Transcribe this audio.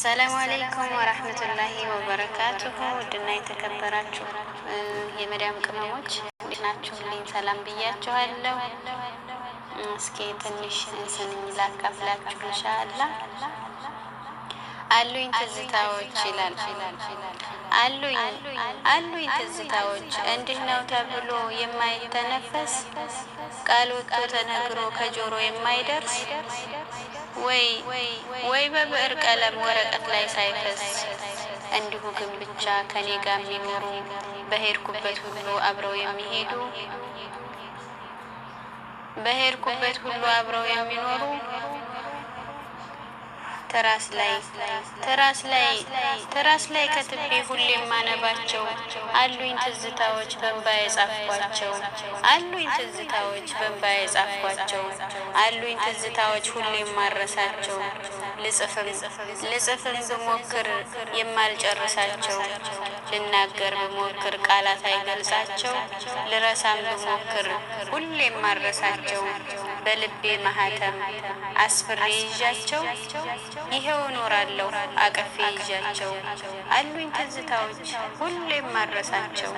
ሰላም አለይኩም ወራህመቱላሂ ወበረካቱሁ። ውድና የተከበራችሁ የመዳም ቅመሞች እንዴት ናችሁ? ልኝ ሰላም ብያችኋለሁ። እስኪ ትንሽ እንስንኝ ላካፍላችሁ ኢንሻአላህ። አሉኝ ትዝታዎች ይላል አሉኝ አሉኝ ትዝታዎች እንዲህ ነው ተብሎ የማይተነፈስ ቃል ወጥቶ ተነግሮ ከጆሮ የማይደርስ ወይ በብዕር ቀለም ወረቀት ላይ ሳይፈስ እንዲሁ ግን ብቻ ከኔ ጋር የሚኖሩ በሄድኩበት ሁሉ አብረው የሚሄዱ በሄድኩበት ሁሉ አብረው የሚኖሩ ትራስ ላይ ትራስ ላይ ትራስ ላይ ከትቤ ሁሌ የማነባቸው አሉኝ ትዝታዎች በንባ የጻፍኳቸው አሉኝ ትዝታዎች በንባ የጻፍኳቸው አሉኝ ትዝታዎች ሁሉ የማረሳቸው ልጽፍም ልጽፍም ብሞክር የማልጨርሳቸው ልናገር ብሞክር ቃላት አይገልጻቸው ልረሳም ብሞክር ሁሉ የማረሳቸው በልቤ ማህተም አስፍሬ ይዣቸው ይኸው እኖራለሁ አቅፌ ይዣቸው አሉኝ ትዝታዎች ሁሉ የማረሳቸው